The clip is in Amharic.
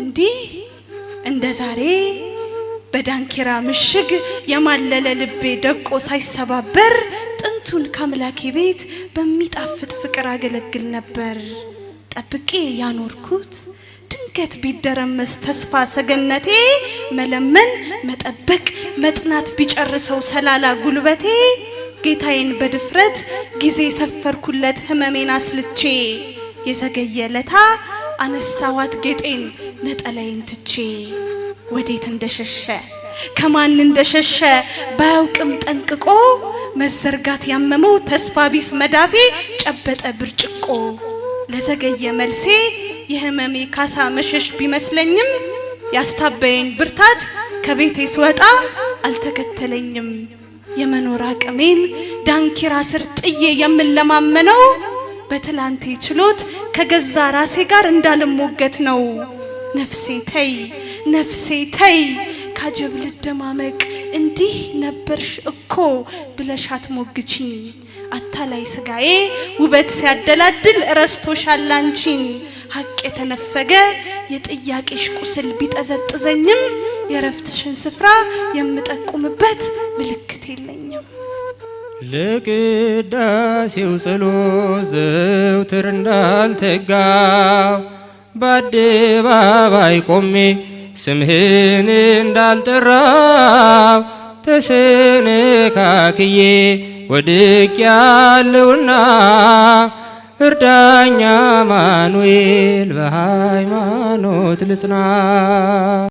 እንዲህ እንደ ዛሬ በዳንኪራ ምሽግ የማለለ ልቤ ደቆ ሳይሰባበር ጥንቱን ከአምላኬ ቤት በሚጣፍጥ ፍቅር አገለግል ነበር። ጠብቄ ያኖርኩት ድንገት ቢደረመስ ተስፋ ሰገነቴ መለመን መጠበቅ መጥናት ቢጨርሰው ሰላላ ጉልበቴ ጌታዬን በድፍረት ጊዜ ሰፈርኩለት ህመሜን አስልቼ የዘገየ ለታ አነሳዋት ጌጤን ነጠላዬን ትቼ ወዴት እንደሸሸ ከማን እንደሸሸ ባያውቅም ጠንቅቆ መዘርጋት ያመመው ተስፋ ቢስ መዳፌ ጨበጠ ብርጭቆ ለዘገየ መልሴ የህመሜ ካሳ መሸሽ ቢመስለኝም ያስታበየኝ ብርታት ከቤቴ ስወጣ አልተከተለኝም የመኖር አቅሜን ዳንኪራ ስር ጥዬ የምለማመነው በትላንቴ ችሎት ከገዛ ራሴ ጋር እንዳልሞገት ነው። ነፍሴ ተይ ነፍሴ ተይ ካጀብ ልደማመቅ እንዲህ ነበርሽ እኮ ብለሻት ሞግቺኝ አታላይ ስጋዬ ውበት ሲያደላድል እረስቶሻል አንቺን ሀቅ የተነፈገ የጥያቄሽ ቁስል ቢጠዘጥዘኝም የእረፍትሽን ስፍራ የምጠቁምበት ምልክት የለኝም። ለቅዳሴው ጸሎት ዘውትር እንዳልተጋ በአደባባይ ቆሜ ስምህን እንዳልጠራው ተሰነካክዬ ወድቅ ያለውና እርዳኛ ማኑኤል በሃይማኖት ልጽና